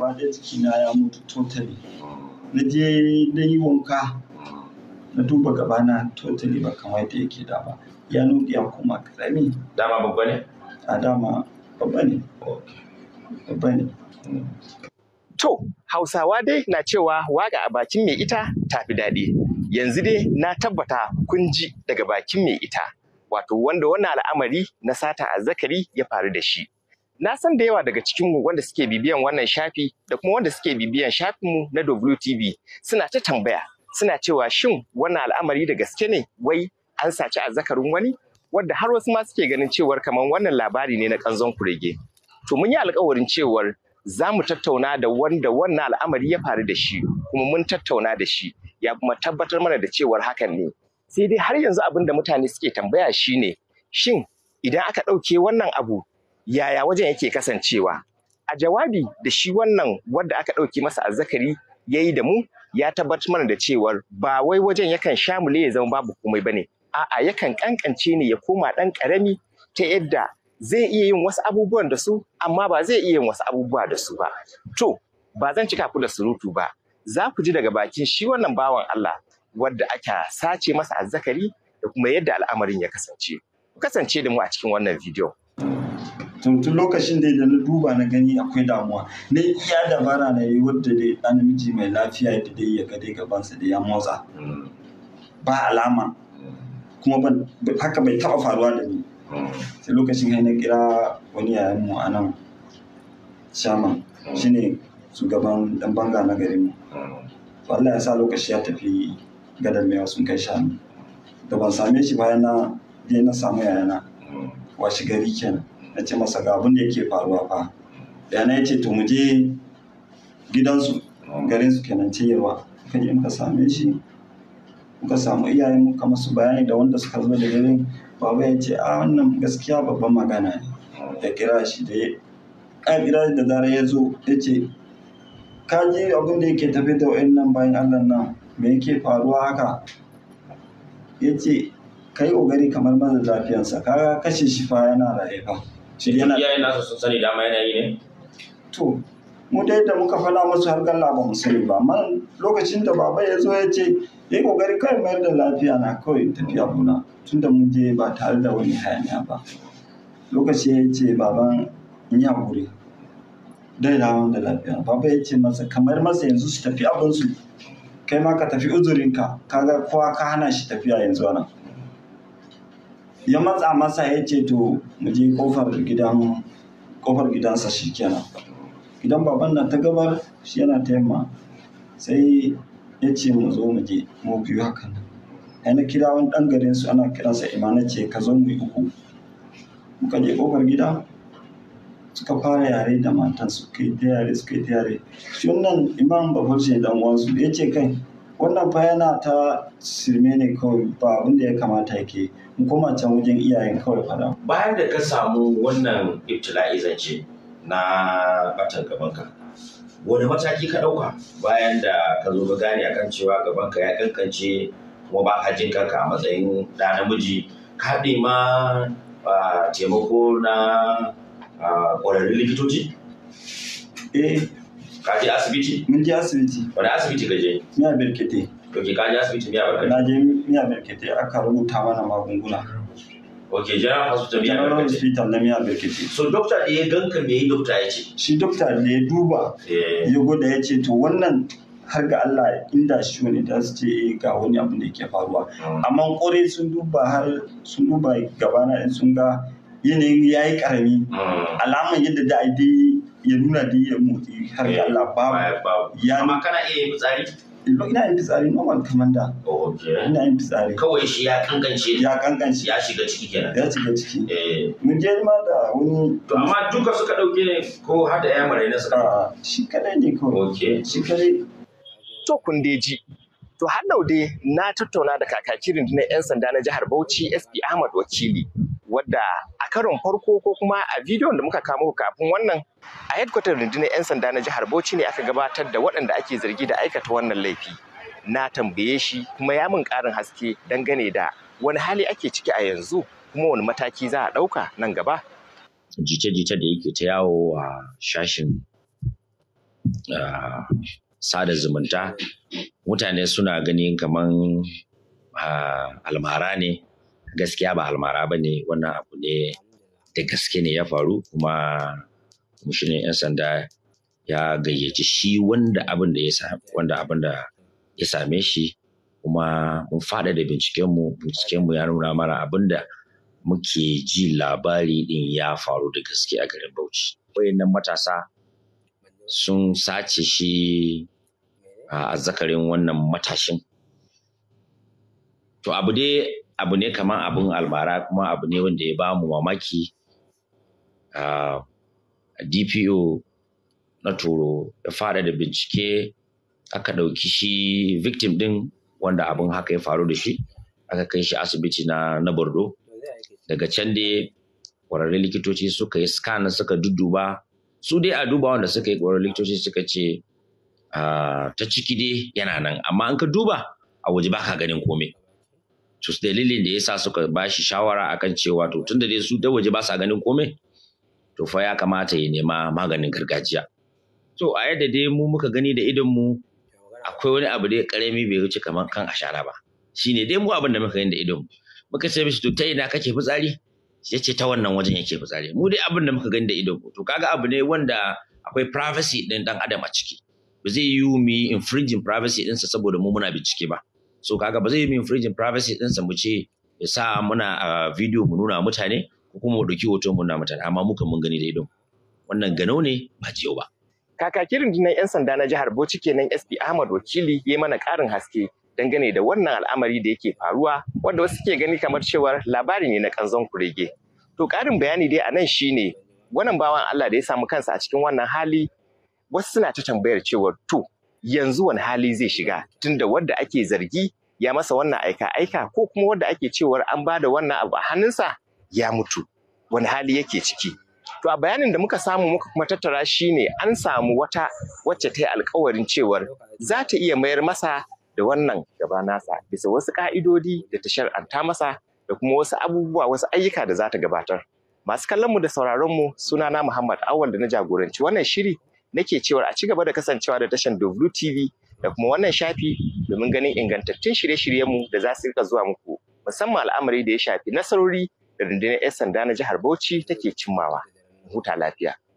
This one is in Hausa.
gaba ɗaya jikina ya mutu totally na je na yi wanka na duba gabana totally ba kamar yadda yake da ba ya nuke ya kuma karami dama babba ne a dama babba ne babba ne to hausawa dai na cewa waga a bakin mai ita tafi daɗi yanzu dai na tabbata kun ji daga bakin mai ita wato wanda wannan al'amari na sata a Zakari ya faru da shi Na san da yawa daga cikinmu wanda suke bibiyan wannan shafi da kuma wanda suke bibiyan shafinmu na WTV suna ta tambaya suna cewa shin wannan al'amari da gaske ne wai an saci azzakarin wani wadda har wasu ma suke ganin cewar kamar wannan labari ne na kanzon kurege. To mun yi alkawarin cewar za mu tattauna da wanda wannan al'amari ya faru da shi kuma mun tattauna da shi ya kuma tabbatar mana da cewar hakan ne. Sai dai har yanzu abin da mutane suke tambaya shine shin idan aka ɗauke wannan abu yaya wajen yake kasancewa a jawabi da shi wannan wadda aka ɗauki masa azzakari ya yi da mu ya tabbatar mana da cewar ba wai wajen yakan shamule ya zama babu komai bane a'a yakan ƙanƙance ne ya koma ɗan ƙarami ta yadda zai iya yin wasu abubuwan da su amma ba zai iya yin wasu abubuwa da su ba to ba zan cika ku da surutu ba za ku ji daga bakin shi wannan bawan Allah wadda aka sace masa azzakari da kuma yadda al'amarin ya kasance ku kasance da mu a cikin wannan bidiyo tun lokacin da na duba na gani akwai damuwa na iya dabara na yi wadda dai ɗan namiji mai lafiya da dai ya gade gabansa da ya motsa hmm. ba alama hmm. kuma haka bai taɓa faruwa da ni hmm. sai lokacin kai na kira wani yayan mu a nan shaman shine shugaban dan banga na garin mu Allah ya sa lokaci ya tafi gadar mai sun kai shanu da ban same shi bayan na je na samu yayana washi gari kenan na ce masa ga abin da yake faruwa fa yana ya ce to mu je gidansu garin su kenan yawa kan muka same shi muka samu iyayen kamar su bayani da wanda suka zo da garin baba ya ce a wannan gaskiya babban magana ne ya kira shi da ya kira da zarar ya zo ya ce ka ji abin da yake tafi da wa'annan bayan allah nan me yake faruwa haka ya ce ka yi ƙoƙari kamar mazan lafiyansa ka kashe shi fa yana raye shi yana iyayen nasa sun sani dama yana yi ne to mu dai da muka faɗa musu har galla ba mu sani ba man lokacin da baba ya zo ya ce ya yi kokari kai mayar da lafiya na kawai tafiya kuna tunda mun je ba tare da wani hayaniya ba lokaci ya ce baban in yi hakuri dai hawan da lafiya baba ya ce masa kamar masa yanzu su tafi abinsu kai ma ka tafi uzurinka kaga kowa ka hana shi tafiya yanzu nan ya matsa masa ya ce to mu je kofar gidan kofar gidansa shi kenan gidan baban nan ta gabar shi yana ta yamma sai ya ce mu zo mu je mu biyu hakan ai na kira wani dan garin su ana kiransa imana ce ka zo mu uku muka je kofar gida suka fara yare da matan su kai ta yare su kai ta yare shi wannan imam babban shi dan uwansu ya ce kai wannan fa yana ta sirme ne kawai ba abin ya kamata yake in koma can wajen iyayen kawai fada bayan da ka samu wannan ibtila'i zance na batan gabanka wani mataki ka ɗauka bayan da ka zo ka gane akan cewa gabanka ya kankance kuma ba ka kanka a matsayin ɗa namiji ka ma taimako na ƙwararrun likitoci eh ka je asibiti mun je asibiti wani asibiti ka je miya birkete ok ka je asibiti miya birkete. na je miya birkete aka rubuta mana magunguna ok general hospital miya general hospital na miya birkete so dokta da ya ganka me yi dokta ya ce shi dokta da ya duba eh. ya gwada ya ce to wannan har ga Allah inda shi wani da su ce eh, ga wani abu da ke faruwa hmm. amma kore sun duba har sun duba gabana sun ga yanayin ya yi karami hmm. alaman yadda da dai ya nuna da ya motsi har da eh, Allah babu ya ma kana iya yin fitsari ina yin fitsari normal kamar da ina yin fitsari kawai shi ya kankance ya kankance ya shiga ciki kenan ya shiga ciki eh. mun je ma da wani to amma duka suka dauke ne ko har da ya mare na suka shi kadai ne kawai shi kadai to kun ji to har dai na tattauna da kakakirin na 'yan sanda na jihar Bauchi SP Ahmad Wakili wadda a karon farko ko kuma a bidiyon da muka kamo kafin wannan a headquarter rundunar 'yan sanda na jihar Bauchi ne aka gabatar da waɗanda ake zargi da aikata wannan laifi. Na tambaye shi kuma ya min ƙarin haske dangane da wani hali ake ciki a yanzu kuma wani mataki za a ɗauka nan gaba. Jita-jita da yake ta yawo a shashin sada zumunta mutane suna ganin kaman almara ne gaskiya ba almara ba ne wannan abu ne da gaske ne ya faru kuma ne 'yan sanda ya gayyaci shi wanda abin da ya same shi kuma mun faɗa da bincikenmu bincikenmu ya nuna mana abin da muke ji labari din ya faru da gaske a garin Bauchi. Wayannan matasa sun sace shi a zakarin wannan matashin. To abu dai abu ne kamar abin almara kuma abu ne wanda ya ba mu mamaki a dpo na turo ya fada da bincike aka ɗauki shi victim ɗin wanda abin haka ya faru da shi aka kai shi asibiti na na bordo daga can dai kwararre likitoci suka yi scan suka dudduba su dai a duba wanda suka yi kwararre likitoci suka ce ta ciki dai yana nan amma an ka duba a waje baka ganin komai to dalilin da yasa suka bashi shawara akan cewa to da dai su da waje ba sa ganin komai to fa ya kamata ya nema maganin gargajiya to a yadda dai mu muka gani da idon mu akwai wani abu dai karami bai wuce kamar kan ashara ba shine dai mu abin da muka gani da idon mu muka ce mishi to ta ina kake fitsari ya ce ta wannan wajen yake fitsari mu dai abin da muka gani da idon mu to kaga abu ne wanda akwai privacy din dan adam a ciki ba zai yiwu mu infringing privacy ɗinsa saboda mu muna bincike ba so kaga ba zai min infringing privacy din sa mu ce ya sa muna a video mu nuna mutane ko kuma mu dauki hoto mu nuna mutane amma muka mun gani da idon wannan gano ne ba jiyo ba kirin dinan yan sanda na jihar Bauchi kenan SP Ahmad Wakili ya mana karin haske dangane da wannan al'amari da yake faruwa wanda wasu ke gani kamar cewar labari ne na kanzon kurege to karin bayani dai a nan shine wannan bawan Allah da ya samu kansa a cikin wannan hali wasu suna ta tambayar cewar to yanzu wani hali zai shiga tunda wanda ake zargi ya masa wannan aika-aika ko kuma wanda ake cewar an ba da wannan abu a hannunsa ya mutu wani hali yake ciki to a bayanin da muka samu muka kuma tattara shine an samu wata wacce ta yi alkawarin cewar za ta iya mayar masa da wannan gaba nasa bisa wasu ka'idodi da ta shar'anta masa da kuma wasu abubuwa wasu ayyuka da za ta gabatar masu kallonmu da sauraronmu sunana muhammad awal da na jagoranci wannan shiri nake cewa a ci gaba da kasancewa da tashan WTV da kuma wannan shafi domin ganin ingantattun shirye-shiryenmu da za su rika zuwa muku musamman al'amari da ya shafi nasarori da rundunar 'yan sanda na jihar Bauchi take cimmawa. Huta lafiya.